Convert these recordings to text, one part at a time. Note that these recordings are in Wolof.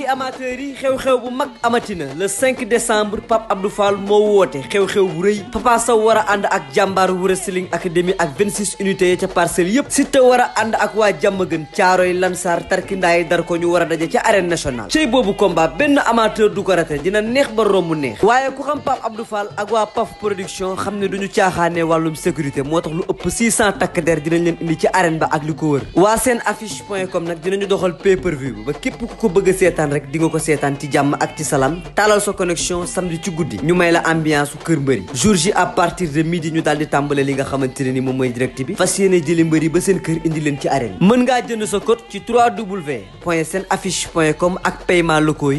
mbokki amateurs yi xew-xew bu mag amatina le 5 décembre Pape Abdou Fall moo woote xew-xew bu rëy Papa Sow war a ànd ak jàmbaaru Wrestling Academy ak 26 unités ya ca parcelles yëpp Siteu war a ànd ak waa Jàmmagën Caaroy Lansar Tarkindaay dar ko ñu war a daje ca arène nationale cey boobu combat benn amateur du ko rate dina neex ba romb neex waaye ku xam Pape Abdou Fall ak waa Paf production xam ne duñu caaxaane wàllum sécurité moo tax lu ëpp 600 takk der dinañ leen indi ci arène ba ak li ko a seetaan rek di nga ko seetaan ci jàmm ak ci salaam taalal sa connexion samedi ci guddi ñu may la ambiance su kër mbëri jour ji à partir de midi ñu daal di tàmbale li nga xamante ne ni moom mooy direct bi fas yéene jëli mbëri ba seen kër indi leen ci arène mën ngaa jënd sa code ci 3w point seen affiche point com ak paiement locaux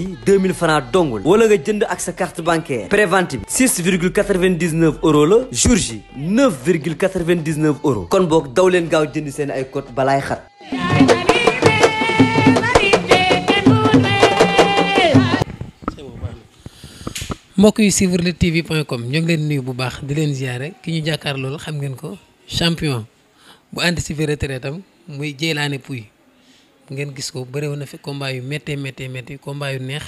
wala nga jënd ak sa carte bancaire prévente bi 6 virgule 99 euros la jour ji 9 virgule 99 euros kon boo daw leen gaaw jënd seen ay code balaay xat mbokk yu suivre Lutte TV point com ñoo ngi leen bu baax di leen ziare ki ñu jàkkaar lool xam ngeen ko champion bu anticipé retraite am muy Dieylané Pouye ngeen gis ko bëre woon na fi combat yu méttee méttee méttee combat yu neex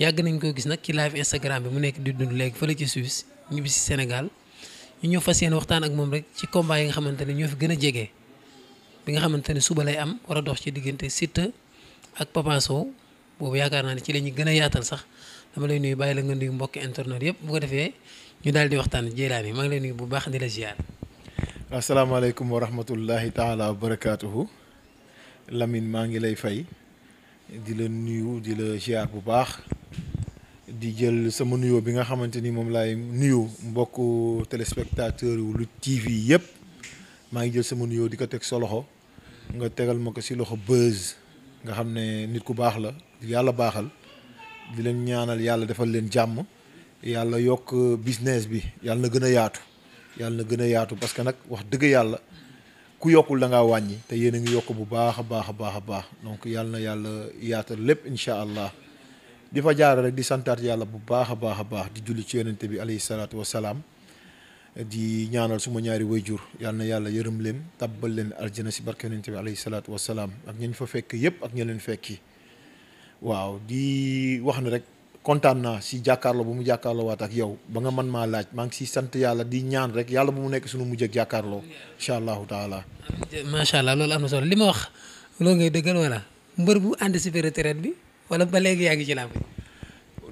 yàgg nañ koo gis nag ci live Instagram bi mu nekk di dund léegi fële ci Suisse ñibbi si Sénégal ñu ñoo fa yéene waxtaan ak moom rek ci combat yi nga xamante ne ñoo fi gën a jege bi nga xamante ne suba lay am war a dox ci diggante Siteu ak Papa boobu yaakaar naa ne ci la ñu gën a yaatal sax dama lay nuyu bàyyi la nga nuyu mbokki internet yëpp bu ko defee ñu daal di waxtaan Jeylaani maa ngi lay nuyu bu baax di la ziar. asalaamaaleykum wa rahmatullahi taala wa barakaatuhu Lamine maa ngi lay fay di la nuyu di la ziar bu baax di jël sama nuyoo bi nga xamante ni moom laay nuyu mbokku téléspectateur yu Lutte TV yëpp maa ngi jël sama nuyoo di ko teg sa loxo nga tegal ma ko si loxo base nga xam ne nit ku baax la. yàlla baaxal di leen ñaanal yàlla defal leen jàmm yàlla yokk business bi yàlla na gën a yaatu yàlla na gën a yaatu parce que nag wax dëgg yàlla ku yokkul da ngaa wàññi te yéen a ngi yokk bu baax a baax a baax a baax donc yàlla na yàlla yaatal lépp incha allah di fa jaare rek di santaat yàlla bu baax a baax a baax di julli ci yonente bi alayhi salaatu wasalaam di ñaanal suma ñaari wayjur yàlla na yàlla yërëm leen tàbbal leen aljana si barke yonente bi alayhi salaatu wasalaam ak ñañ fa fekk yépp ak ña fekki waaw di wax ne rek kontaan naa si jàkkaarloo bu mu jàkkaarloo waat ak yow ba nga man maa laaj maa ngi si sant yàlla di ñaan rek yàlla bu mu nekk suñu mujj ak jàkkaarloo incha allahu taala. macha allah loolu am na solo li ma wax loolu ngay dëggal wala mbër bu anticipé retraite bi wala ba léegi yaa ngi ci làmb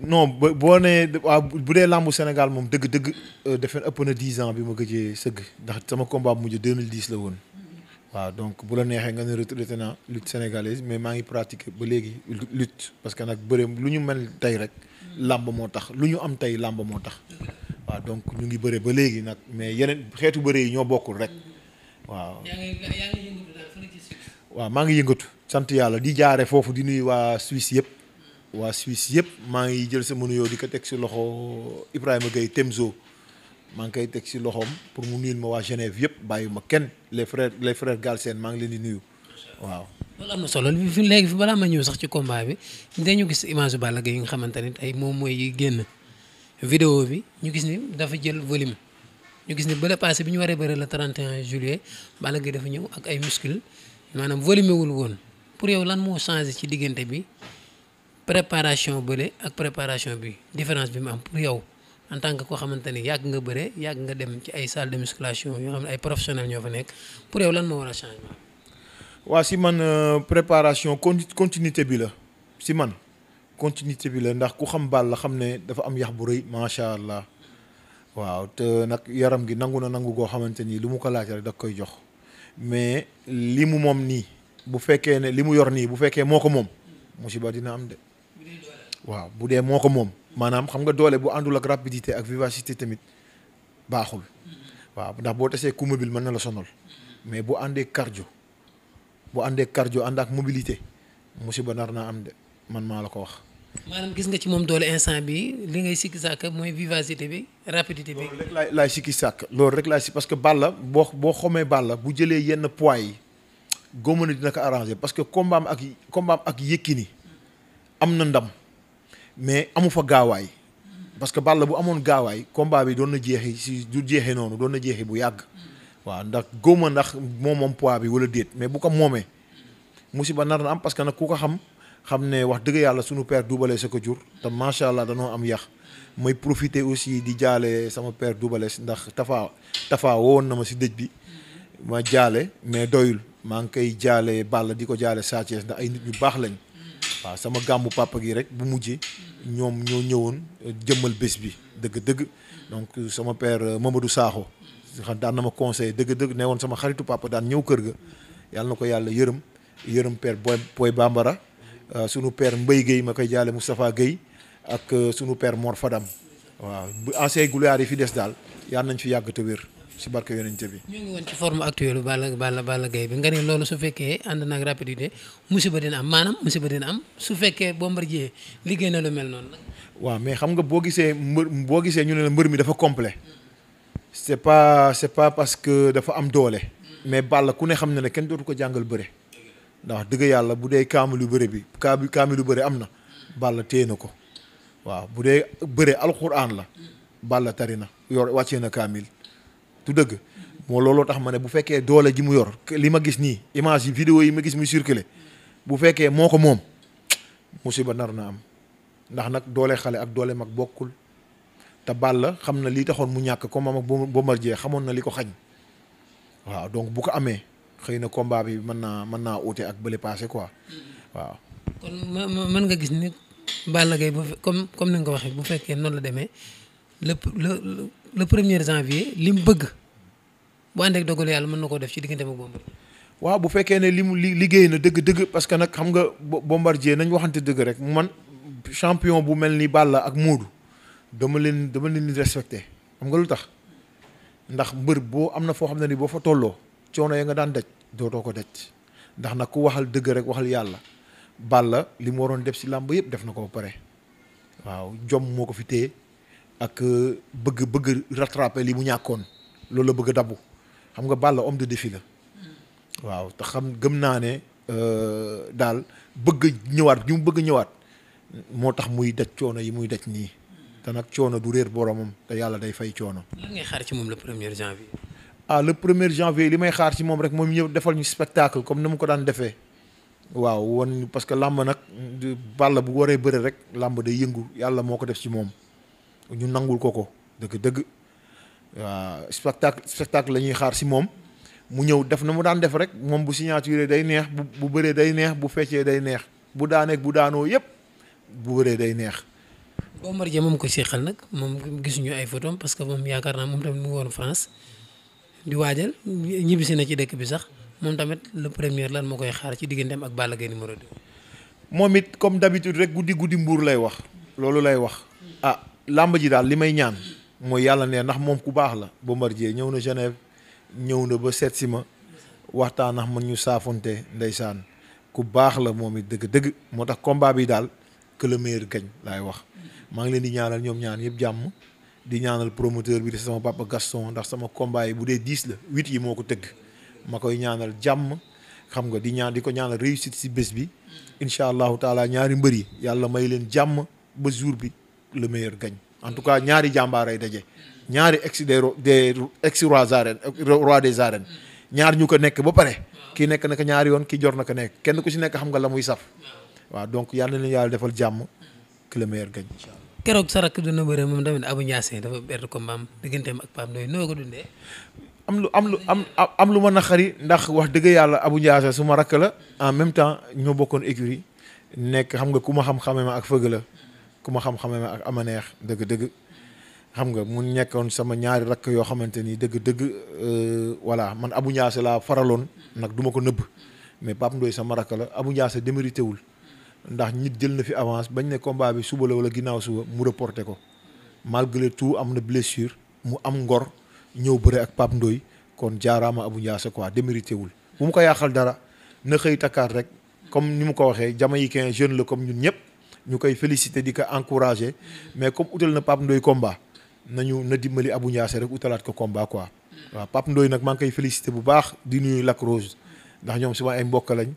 non ba boo nee waaw bu dee làmbu Sénégal moom dëgg-dëgg euh, defee ëpp na 10 ans bi ma gëjee sëgg ndax sama combat bu mujj 2010 la woon. waaw donc bu la neexee nga ne retraité naa lutte sénégalaise mais maa ngi pratiquer ba léegi lutte parce que nag bëre lu ñu mel tey rek làmb moo tax lu ñu am tey làmb moo tax waaw donc ñu ngi bëri ba léegi nag mais yeneen xeetu bëri yi ñoo bokkul rek waaw. waaw maa ngi yëngatu sant yàlla di jaare foofu di nuy waa Suisse yëpp waa Suisse yëpp maa ngi jël sama nuyoo di ko teg si loxo Ibrahima Gueye Temzo. maa ngi koy teg si loxoom pour mu nuyul ma waa Genève yëpp bàyyi ma kenn les frères les frères Galsen maa ngi leen di nuyu waaw. loolu am na solo fi léegi fi balaa ma ñëw sax ci combat bi dañu gis image yu Balla Gaye yi nga xamante ne ay moom mooy génn vidéo bi ñu gis ni dafa jël volume ñu gis ni bële passé bi ñu waree bëre le 31 juillet Balla Gaye dafa ñëw ak ay muscles maanaam volume wul woon pour yow lan moo changé ci diggante bi préparation bële ak préparation bi différence bi mu yow. en tant que koo xamante ni yàgg nga bëre yàgg nga dem ci ay salle de musculation yoo xam ne ay professionnels ñoo fa nekk pour yow lan moo war a changement. waa si man euh, préparation continuité bi la si man continuité bi la ndax ku xam baal Balla xam ne dafa am yax bu rëy macha allah waaw te nag yaram gi nangu na nangu goo xamante ni lu mu ko laaj rek da koy jox mais li mu moom nii bu fekkee ne li mu yor nii bu fekkee moo ko moom musiba dina am de. waaw bu dee moo ko moom. maanaam xam nga doole bu àndul ak rapidité ak vivacité tamit baaxul waaw ndax boo tasee ku mobile mën na la sonal mais bu àndee karjo bu àndee cardio ànd ak mobilité musiba nar naa am de man maa la ko wax. maanaam gis nga ci moom doole instant bi li ngay sikki sàkk mooy vivacité bi rapidité bi. loolu rek laay laay sikki sàkk loolu rek laay si parce que Balla boo boo xomee la bu jëlee yenn poids yi góob dina ko arrangé parce que combat ak combat am ak Yékini am na ndam. mais amu fa gaawaay parce que Balla bu amoon gaawaay combat bi doon na jeexi si du jeexee noonu doon na jeexi bu yàgg waaw ndax góoma ndax moom moom poids bi wala déet mais bu ko moomee musiba nar na am parce que nag ku ko xam xam ne wax dëgg yàlla suñu per Doubalès sa ko jur te macha allah danoo am yax may profiter aussi di jaale sama per père si ndax Tafa Tafa woon na ma si dëj bi ma jaale mais doyul maa ngi koy jaale Balla di ko jaale Sa Thiès ay nit ñu baax lañ waaw sama gàmbu papa gi rek bu mujjee ñoom ñoo ñëwoon euh, jëmmal bés bi dëgg-dëgg donc euh, sama père euh, Mamadou du xam daan na ma conseillé dëgg-dëgg ne woon sama xaritu papa daan ñëw kër ga yàlla na ko yàlla yërëm yërëm père Boy Boy Bambara sunu père Mbaye Guèye ma koy jaale Moustapha Guèye ak sunu per Mor Fadam waaw bu ase gloire yi fi des daal yàlla nañ fi yàgg te wér. ci barke yonent bi. ñu ngi woon ci forme actuelle Balla Balla Balla Gaye bi nga ne loolu su fekkee ànd naag rapidité musiba dina am maanam musiba dina am su fekkee Bombardier liggéey na lu mel noonu nag. waaw mais xam nga boo gisee mbër boo gisee ñu ne la mbër mi dafa complet c'est pas c'est pas parce que dafa am doole. mais Balla ku ne xam ne ne kenn dootu ko jàngal bëre. ndax dëgg yàlla bu dee kaamilu bëre bi kaami kaamilu bëre am na. Balla téye na ko. waaw bu dee bëre alxuraan la. Balla tari na yor wàccee na kaamil. du dëgg moo looloo tax ma ne bu fekkee doole ji mu yor li ma gis nii image yi vidéo yi ma gis muy sirkile bu fekkee moo ko moom musiba nar na am ndax nag doole xale ak doole mag bokkul te la xam na li taxoon mu ñàkk combat ak Bombardier xamoon na li ko xañ waaw donc bu ko amee xëy na combat bi mën naa mën naa uute ak bële passé quoi waaw. kon mën nga gis ni Balla Gaye bu comme comme ni nga ko waxee bu fekkee noonu la demee lépp le premier janvier li mu bëgg bu ànd ak dogalu yàlla mën na koo def ci diggante ak Bombardier. waaw bu fekkee ne li mu liggéey na dëgg-dëgg parce que nag xam nga Bombardier nañ waxante dëgg rek man champion bu mel ni la ak Modou dama leen dama leen di respecté xam nga lu tax ndax mbër boo am na foo xam ne ni boo fa tolloo coono ya nga daan daj dootoo ko daj ndax nag ku waxal dëgg rek waxal yàlla Balla li mu waroon def si làmb yëpp def na ko ba pare waaw jom moo ko fi téye. ak euh, bëgg bëgg rattraper li mu ñàkkoon loolu la bëgg a dabbu xam nga Balla homme de défi waaw te xam gëm naa ne euh, daal bëgg ñëwaat ñu bëgg ñëwaat moo tax muy daj coono yi muy daj nii te nag coono du réer boromam te yàlla day fay coono. lan ngay xaar ci moom le premier janvier. ah le premier janvier li may xaar ci moom rek moom ñëw defal ñu spectacle comme ni mu ko daan defee. waaw wan parce que làmb nag Balla bu waree bëre rek làmb day yëngu yàlla moo ko def ci moom. ñu nangul ko ko dëgg-dëgg waaw spectacle spectacle la ñuy xaar si moom mu ñëw def na mu daan def rek moom bu signature day neex bu bu bëree day neex bu feccee day neex bu daaneeg bu daanoo yëpp bu bëree day neex. Bombardier moom ko seexal nag moom gisuñu ay photos parce que moom yaakaar naa moom tamit mu woon France di waajal ñibbisi na ci dëkk bi sax moom tamit le premier lan moo koy xaar ci digganteem ak Balla Gaye numéro 2. moom it comme d'habitude rek guddi guddi mbuur lay wax loolu lay wax ah, làmb ji daal li may ñaan mooy yàlla ne ndax moom ku baax la Bombardier ñëw na Genève ñëw na ba seet si ma waxtaan ndax man ñu saafonte ndeysaan ku baax la moom it dëgg-dëgg moo tax combat bi daal que le meilleur laay wax maa ngi leen di ñaanal ñoom ñaan yëpp jàmm di ñaanal promoteur bi di sama papa Gaston ndax sama combat yi bu dee diis la huit yi moo ko tëgg ma koy ñaanal jàmm xam nga di ñaan di ko ñaanal réussite si bés bi incha allahu taala ñaari mbër yi yàlla may leen jàmm ba jour bi le meilleur gagne en tout cas ñaari jàmbaar ay daje ñaari ex des roi des arènes roi des arènes ñaar ñu ko nekk ba pare ki nekk na ko ñaari yoon ki jor na ko nekk kenn ku si nekk xam nga la muy saf waaw donc yal na leen yàlla defal jàmm que le sa rakk dina bëre moom tamit Abou Niassé dafa bett ko mbaam digganteem am lu am am lu ma naqari ndax wax dëgg yàlla Abou Niassé su ma rakk la en même temps ñoo bokkoon écurie nekk xam nga ku ma xam xamee ma ak fëgg la. ku ma xam-xame ma ak ama neex dëgg-dëgg xam nga mu nekkoon sama ñaari rakk yoo xamante ni dëgg-dëgg euh, voilà man Abou Ndiassé laa faraloon nag duma ko nëbb mais Pape Ndoye sama rakk la abu Ndiassé démérité wul ndax nit jël na fi avance bañ ne combat bi suba la wala ginnaaw suba mu reporté ko malgré tout am na blessure mu am ngor ñëw bëre ak Pape Ndoye kon jaaraama Abou Ndiassé quoi démérité wul bu mu ko yàqal dara na xëy takkaat rek comme ni mu ko waxee jamaïcain jeune la ñu koy féliciter di ko encourager mais comme utal na Pape Ndoye combat nañu na dimbali Abou Ndiasse rek utalaat ko combat quoi. waaw Pape nag maa ngi koy féliciter bu baax di nuyu Lac Rose ndax ñoom suma ay mbokk lañ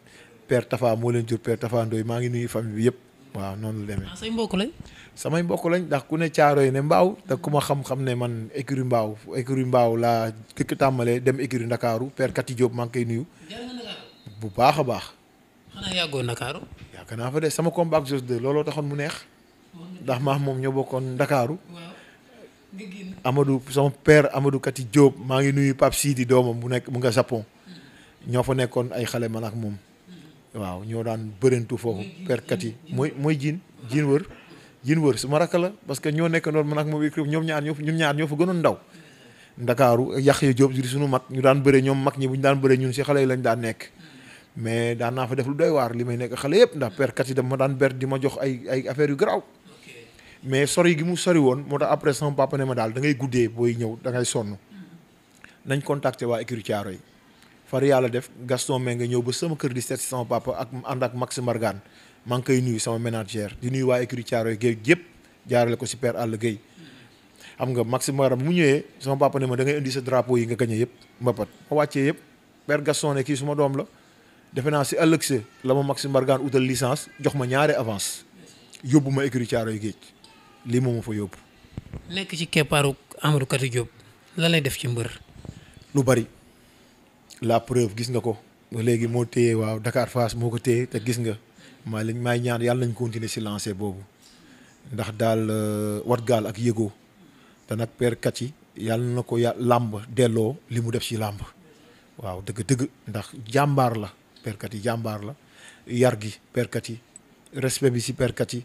per Tafa moo leen jur Père Tafa Ndoye maa ngi nuyu famille bi yëpp waa noonu la demee. Ah, mbokk lañ. samay mbokk lañ ndax ku ne caaro yi ne mbaaw te ku ma xam-xam ne man écurie mbaaw écurie mbaaw laa këkk tàmbalee dem écurie Ndakaaru Père Kati Diop maa ngi koy bu baax a baax. xanaa yàggoo Ndakaaru. yaakaar naa fa de sama combat Jos 2 looloo taxoon mu neex. ndax maa moom ñoo bokkoon Ndakaaru. Amadou sama père Amadou Kati Diop maa ngi nuyu Pape Sidi doomam bu nekk mu nga Japon. ñoo fa nekkoon ay xale man ak moom. waaw ñoo daan bërentu foofu père Kati mooy mooy jiin jiin wër. jin wër su ma rakk la parce que ñoo nekk noonu man ak moom écrit ñoom ñaar ñoo ñun ñaar ñoo fa gënoon ndaw ndakaaru yàq ya jóob di suñu mag ñu daan bëre ñi bu ñu daan bëre ñun si xale lañ daan nekk mais daan naa fa def lu doy waar li may nekk xale yëpp ndax perkat yi dama ma daan ber di ma jox ay ay affaire yu garaaw mais sori gi mu sori woon moo tax après sama papa ne ma daal da guddee booy ñëw da ngay sonn nañ contacter waa écurie Thiaroye far yàlla def Gaston Mbengue ñëw ba sama kër di seet si sama papa ak Max Mbargane maa ngi nuyu sama ménagère di nuyu waa écurie Thiaroye jaarale ko si Père Alla xam nga Max Mbargane mu ñëwee sama papa ma da indi sa drapeau yi nga gañe yëpp mbapat ma wàccee yëpp Père Gaston ne kii suma doom la defe naa si ëllëg si la ma Maxime Mbargane utal licence jox ma ñaari avance yóbbu ma écurie Thiaroye Géej lii moom ma fa yóbbu. nekk ci keppaaru Amadou Katy Diop la lay def ci mbër. lu bari la preuve gis nga ko ba léegi moo téye waaw Dakar Face moo ko téye te gis nga maa lañ may ñaan yàlla nañ continuer si lancé boobu ndax daal euh, wat gaal ak yëgoo te nag père yàlla na ko yà làmb delloo li mu def si làmb waaw dëgg-dëgg ndax jàmbaar la. perkat yi jàmbaar la yar gi perkat yi respect bi si perkat yi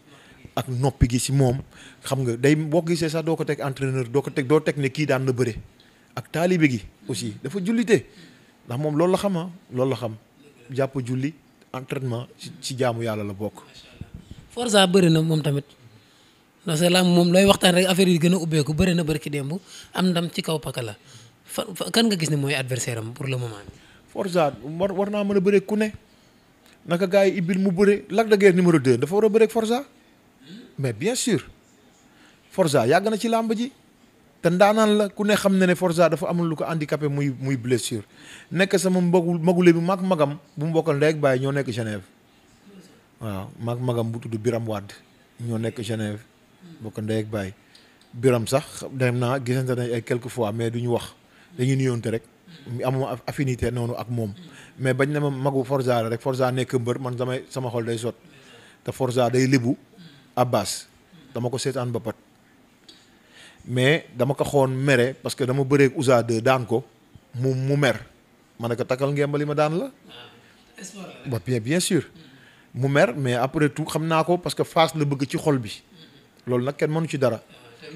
ak noppi gi si moom xam nga day boo gisee sax doo ko teg entraîneur doo ko teg doo teg ne kii daan na bëre ak taalibe gi aussi dafa jullite ndax moom loolu la xam lool ah, loolu la xam jàpp julli entraînement ci jaamu yàlla la bokk. Forza bëri na moom tamit parce que làmb moom looy waxtaan rek affaire yi gën a ubbeeku bëri na bëri ki démb am ndam ci kaw paka la fan kan nga gis ne mooy adversaire am pour le moment. Forza war war naa mën a bëre ku ne naka gars yi ibbil mu bëre Lac de Guiers numéro 2 dafa war a bëre forsa mais bien sûr forsa yàgg na ci làmb ji te ndaanaan la ku ne xam ne ne forsa dafa amul lu ko handicapé muy muy blessure nekk sama mbagul magule bi mag magam bu mu bokkal ndey ak baay ñoo nekk Genève waaw mag magam bu tudd Biram Wade ñoo nekk Genève bokkal ndey ak baay Biram sax dem naa gisante nañ ay quelques fois mais duñu wax dañuy nuyoonte rek. amuma affinité noonu ak moom mais bañ na ma magu Forza la rek Forza nekk mbër man damay sama xol day sot te Forza day libu Abbas dama ko seetaan ba pat mais dama ko xoon mere parce que dama bëreeg Ousa 2 daan ko mu mu mer ma ne ko takkal ngeen li ma daan la. ba bien mu mer mais après tout xam naa ko parce que face la bëgg ci xol bi loolu nag kenn mënu ci dara.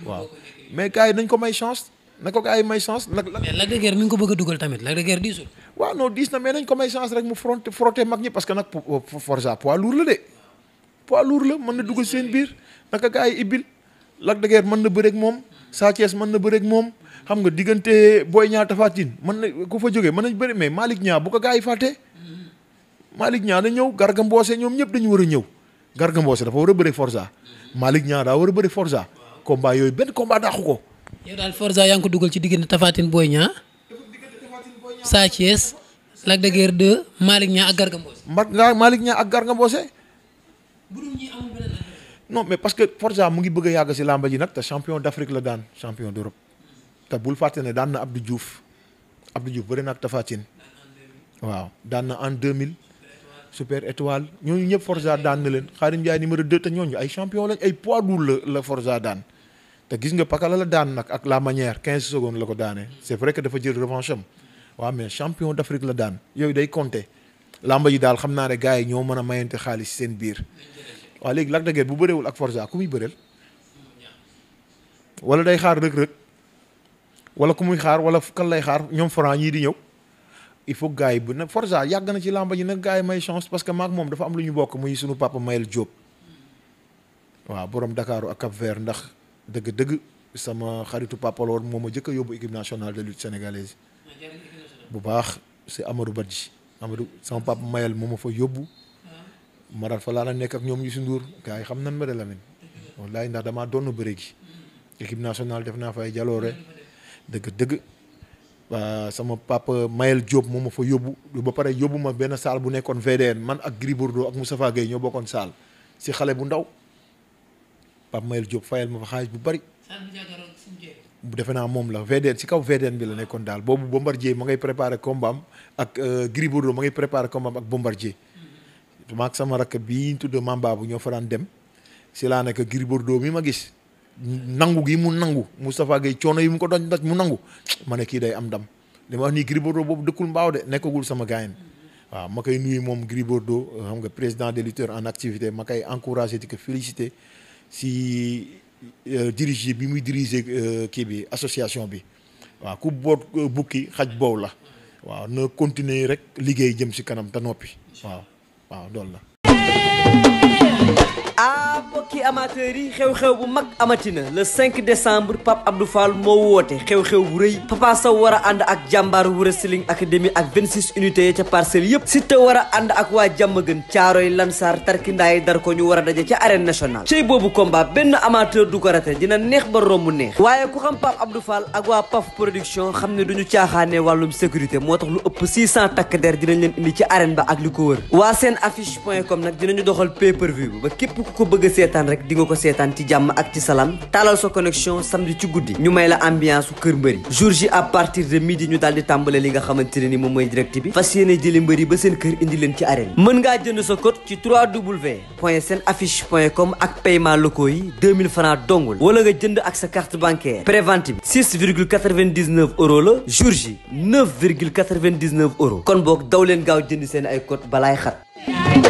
waaw mais gars yi ko may chance. na ko gars yi may chance nag. mais Lac de ngi ko bëgg a dugal tamit Lac de Guiers diisul. waaw non diis na mais nañ ko may chance rek mu fronté frotté mag ñi parce que nag euh, Forza poids lourd la de poids lourd la mën na dugal seen biir naka gars yi ibbil Lac de Guiers mën na bëreek moom Sa Thiès man na bëreek moom xam nga diggante Boy Niang Tapha Tine mën na ku fa jógee mën nañ bëri mais Malick Niang bu ko gars yi fàtte Malick Niang na ñëw Garga Mbossé ñoom ñëpp dañu war a ñëw Garga Mbossé dafa war a bëri Forza Malick Niang daa war a bëri Forza combat yooyu benn combat dàqu ko yow daal Forza yaa ko dugal ci diggante Tapha Tine Boy Niang Sa Thiès Lac de Guiers 2 Malick Niang ak Garga Mbossé. parce que Forza mu ngi bëgg yàgg si làmba ji nag te champion d'Afrique la daan champion d'Europe te bul fàtte ne daan na Abdou Diouf Abdou Diouf bëri na ak Tapha Tine waaw daan na en 2000 super étoile ñooñu ñëpp Forza daan na leen Xaadim Njaay numéro 2 te ñooñu ay champion lañ ay poids la Forza daan. te gis nga pakala la daan nag ak la manière 15 secondes la ko daanee c'est vrai que dafa jël revanche am waaw mais champion d'Afrique la daan yooyu day compter lamba yi daal xam naa ne gars yi ñoo mën a mayante xaalis seen biir waa léegi Lac de bu bëreewul ak Forza ku muy bëreel wala day xaar rëg-rëg wala ku muy xaar wala kan lay xaar ñoom Franc ñii di ñëw il faut gars yi bu nag Forza yàgg na ci lamba ji nag gars yi may chance parce que maak moom dafa am lu ñu bokk muy sunu papa Mayel Diop waaw borom Dakaaru ak Cap ndax dëgg-dëgg sama xaritu Papa Lor moo ma jëkk yóbbu équipe nationale de lutte sénégalaise bu baax c'est Amadou Badji Amadou sama papa Mayel moo ma fa yóbbu maral nekk ak ñoom Youssou Ndour yi xam nan ma de Lamine wallaay ndax damaa doon bëre gi équipe def naa fay jaloore dëgg-dëgg Mayel Diop moo fa yóbbu ba pare yóbbu ma benn saal bu nekkoon VDN man ak Gris Bordeaux ak Moustapha Gueye ñoo bokkoon saal si xale bu ndaw Pape Mayel Diop fayal ma fa xaalis bu bari bu defe naa moom la VDN si kaw VDN bi la nekkoon daal boobu Bombardier ma ngay préparé combat am ak euh, Gris Bordeaux ma ngay préparé combat am ak Bombardier mm-hmm. maak sama rakk bii ñu tudd Mamba bu ñoo fa daan dem si laa nekk Gris mi ma gis nangu gi mu nangu Moustapha Gueye coono yi mu ko doon daj mu nangu ma ne kii day am ndam li ma wax nii Gris Bordeaux boobu dëkkul mbaaw de nekkagul sama gaayam mm-hmm. waaw ma koy nuyu moom Gris Bordeaux euh, xam nga président des en activité ma koy encouragé di ko si euh, diriger bi muy diriger euh, kii bi association bi waa ku boot euh, bukki xaj boow la waaw na continuer rek liggéey jëm si kanam te noppi waaw waaw loolu la mbokki amateurs yi xew-xew bu mag amatina le 5 décembre Pape Abdou Fall moo woote xew-xew bu rëy Papa Sow war a ànd ak jàmbaar Wrestling Academy ak 26 unités ca parcelles yëpp Siteu war a ànd ak waa Jàmmagën Caaroy Lansar Tarkindaay dar ko ñu war a daje ca arène nationale cey boobu combat benn amateur du ko dina neex ba romb neex waaye ku xam Pape Abdou Fall ak waa Paf production xam ne duñu caaxaane wàllum sécurité moo tax lu ëpp 600 takk der dinañ leen indi ci arène ba ak li ko wër waa seen affiche ku ko bëgg a seetaan rek di nga ko seetaan ci jàmm ak ci salaam taalal sa connexion samedi ci guddi ñu may la ambiance su kër mbëri jour ji à partir de midi ñu daal di tàmbale li nga xamante ne ni moom mooy direct bi fas yéene jëli mbëri ba seen kër indi leen ci arène mën ngaa jënd sa code ci 3w point seen affiche point com ak paiement locaux yi 2000 francs dongul wala nga jënd ak sa carte bancaire prévente bi 6 virgule 99 euros la jour ji 9 virgule 99 euros kon book daw leen gaaw jënd seen ay code balaay xat